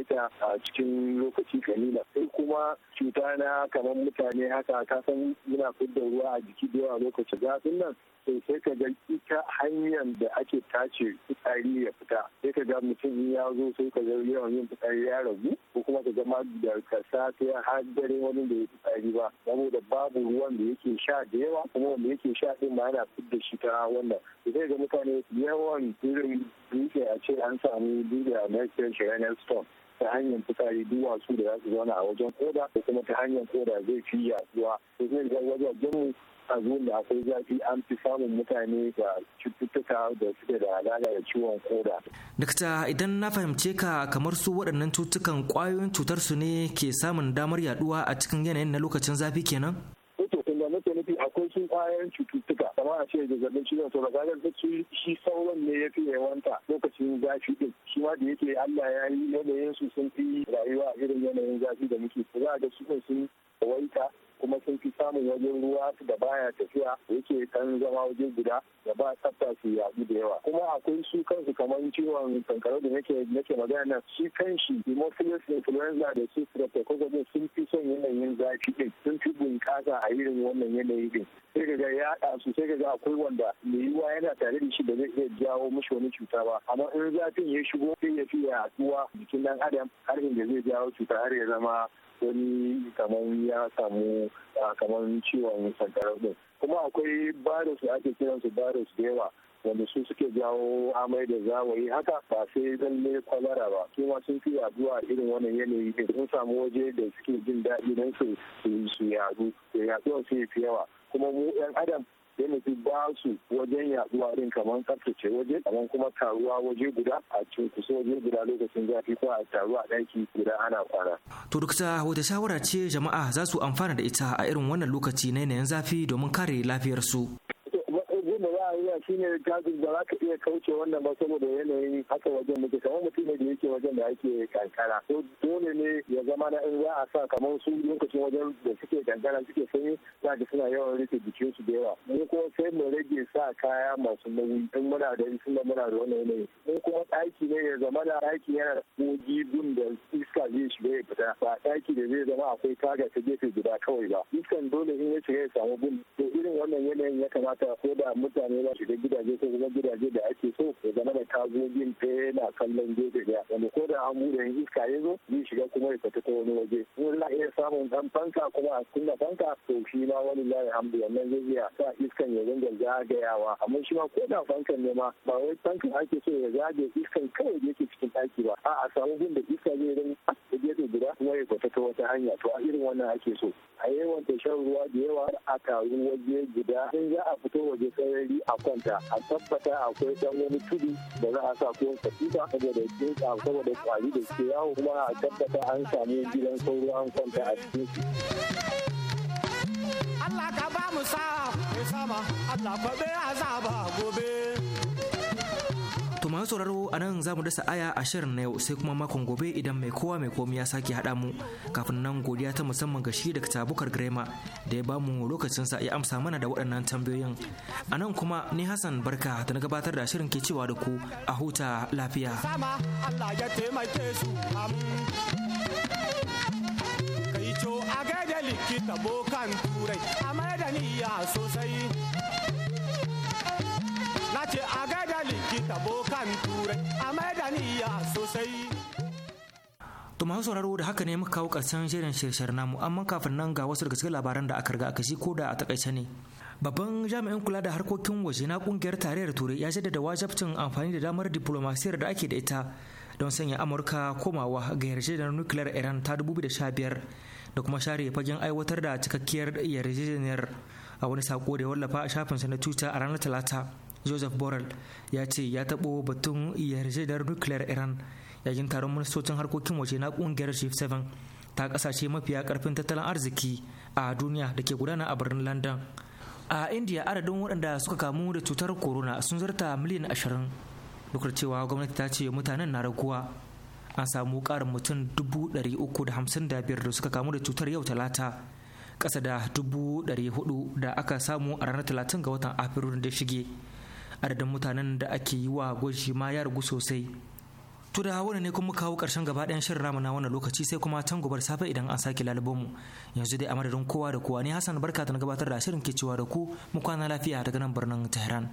ta a cikin lokaci kalila sai kuma cuta na kamar mutane haka ka san yana fidda ruwa a jiki da yawa lokacin zafin nan sai sai ka ga ta hanyar da ake tace fitsari ya fita sai ka ga mutum in ya zo sai ka ga yawan yin fitsari ya ragu ko kuma ka zama da kasa ta har dare wani da ya fitsari ba saboda babu ruwan da yake sha da yawa kuma wanda yake sha din ma yana fit da shi ta wannan sai ga mutane yawan irin dutse a ce an samu dutse a mercury shirayen stone ta hanyar fitsari duwatsu da za su zauna a wajen koda ko kuma ta hanyar koda zai fi yaduwa sai zai ga wajajen a zuwan da akwai zafi an fi samun mutane da cututtuka da suke da alaƙa da ciwon koda. Dakta idan na fahimce ka kamar su waɗannan cutukan ƙwayoyin cutar su ne ke samun damar yaɗuwa a cikin yanayin na lokacin zafi kenan? Wato kuma na nufi akwai sun ƙwayoyin cututtuka kama a ce zazzabin cizon sauro kaga da su shi sauran ne ya fi yawanta lokacin zafi din shi ma da yake Allah ya yi yanayin su sun fi rayuwa a irin yanayin zafi da muke za a ga su sun wanka kuma sun fi samun wajen ruwa da baya tafiya yake kan zama waje guda da ba tsafta su yaɗu da yawa kuma akwai su kansu kamar ciwon sankarau da nake nake magana shi kanshi hemophilus influenza da su streptococcus sun fi son yanayin zafi din sun fi bunƙasa a irin wannan yanayi din sai ga ya haɗa su sai ga akwai wanda mai yiwuwa yana tare da shi da zai iya jawo mishi wani cuta ba amma in zafin ya shigo sai ya fi yaɗuwa jikin ɗan adam har inda zai jawo cuta har ya zama wani kamar ya samu ah, kamar ciwon sankarar din kuma akwai virus da ake su virus da yawa wanda su suke jawo amai da zawayi haka ba sai zalle kwalara ba su ma sun fi yaduwa irin wannan yanayi ne. sun samu waje da suke jin daɗi don su yadu da yaduwa su fi yawa kuma mu yan adam mu fi ba su wajen yaduwa din kamar tsaftace waje kamar kuma taruwa waje guda a cikin kusa waje guda lokacin zafi ko a taruwa a ɗaki guda ana kwana. To dokta wata shawara ce jama'a za su amfana da ita a irin wannan lokaci na yanayin zafi domin kare lafiyarsu. shi shine gajin da za ka iya kauce wannan ba saboda yanayin haka wajen muke kamar mutum ne da yake wajen da ake kankara to dole ne ya zama na in za a sa kamar su lokacin wajen da suke kankara suke sanyi za ka suna yawan rike jikin su da yawa mu kuma sai mu rage sa kaya masu nauyi in muna da in da muna da wannan yanayi in kuma ɗaki ne ya zama na ɗaki yana kogi dun da iska zai shiga ya fita ba ɗaki da zai zama akwai kaga ta gefe guda kawai ba iskan dole in ya shiga ya samu gun to irin wannan yanayin ya kamata ko da mutane su da gidaje ko kuma gidaje da ake so ya zama da tagogin ɗaya na kallon gefe ɗaya wanda ko da an buɗe iska ya zo zai shiga kuma ya fita ta wani waje in na iya samun ɗan fanka kuma a da fanka to shi ma wani layi hamdu wannan zai iya sa iskan ya dinga zagayawa amma shi ma ko da fankan ne ma ba wai fankan ake so ya zage iskan kawai da yake cikin ɗaki ba a a samu gun da iska zai don a gefe gida. kuma ya fita ta wata hanya to a irin wannan ake so a yawan ta shan ruwa da yawa a taru waje guda in za a fito waje sarari a a kwanta a tabbata akwai dan wani tudu da za a sa ko katifa saboda tsuntsa saboda kwari da ke yawo kuma a tabbata an samu gidan sauro an kwanta a cikin su. Allah ka ba mu sa, sama Allah kwabe azaba gobe. masu sauraro a nan za mu dasa aya a shirin na yau sai kuma makon gobe idan mai kowa mai komi ya sake haɗa mu kafin nan godiya ta musamman ga shi daga Bukar Grema da ya bamu lokacin sa ya amsa mana da waɗannan tambayoyin. A nan kuma ni Hassan Barka da na gabatar da shirin ke cewa da ku a huta lafiya. Sama su a gaida likita bokan turai a sosai. a sosai to masu sauraro da haka ne muka kawo karshen shirin shirshar namu amma kafin nan ga wasu daga cikin labaran da aka riga aka shi ko da a takaice ne babban jami'in kula da harkokin waje na kungiyar tarayyar turai ya jaddada wajabcin amfani da damar diplomasiyar da ake da ita don sanya amurka komawa ga yarjejeniyar nukiliyar iran ta 2015 da kuma share fagen aiwatar da cikakkiyar yarjejeniyar a wani sako da ya wallafa a shafinsa na twitter a ranar talata joseph borrell ya ce ya taɓo batun yarjejeniyar nukiliyar iran yayin taron ministocin harkokin waje na kungiyar g7 ta kasashe mafiya karfin tattalin arziki a duniya da ke gudana a birnin london a india adadin waɗanda suka kamu da cutar corona sun zarta miliyan ashirin duk da cewa gwamnati ta ce mutanen na raguwa an samu ƙarin mutum dubu ɗari da suka kamu da cutar yau talata kasa da dubu da aka samu a ranar talatin ga watan afirilu da shige adadin mutanen da ake yi wa gwaji ma ya ragu sosai to da wani ne kuma kawo karshen gaba ɗayan shirin ramu na wannan lokaci sai kuma can gobar safe idan an sake lalubon mu yanzu dai a madadin kowa da kowa ne hassan barka ta gabatar da shirin ke cewa da ku mu kwana lafiya daga nan birnin tehran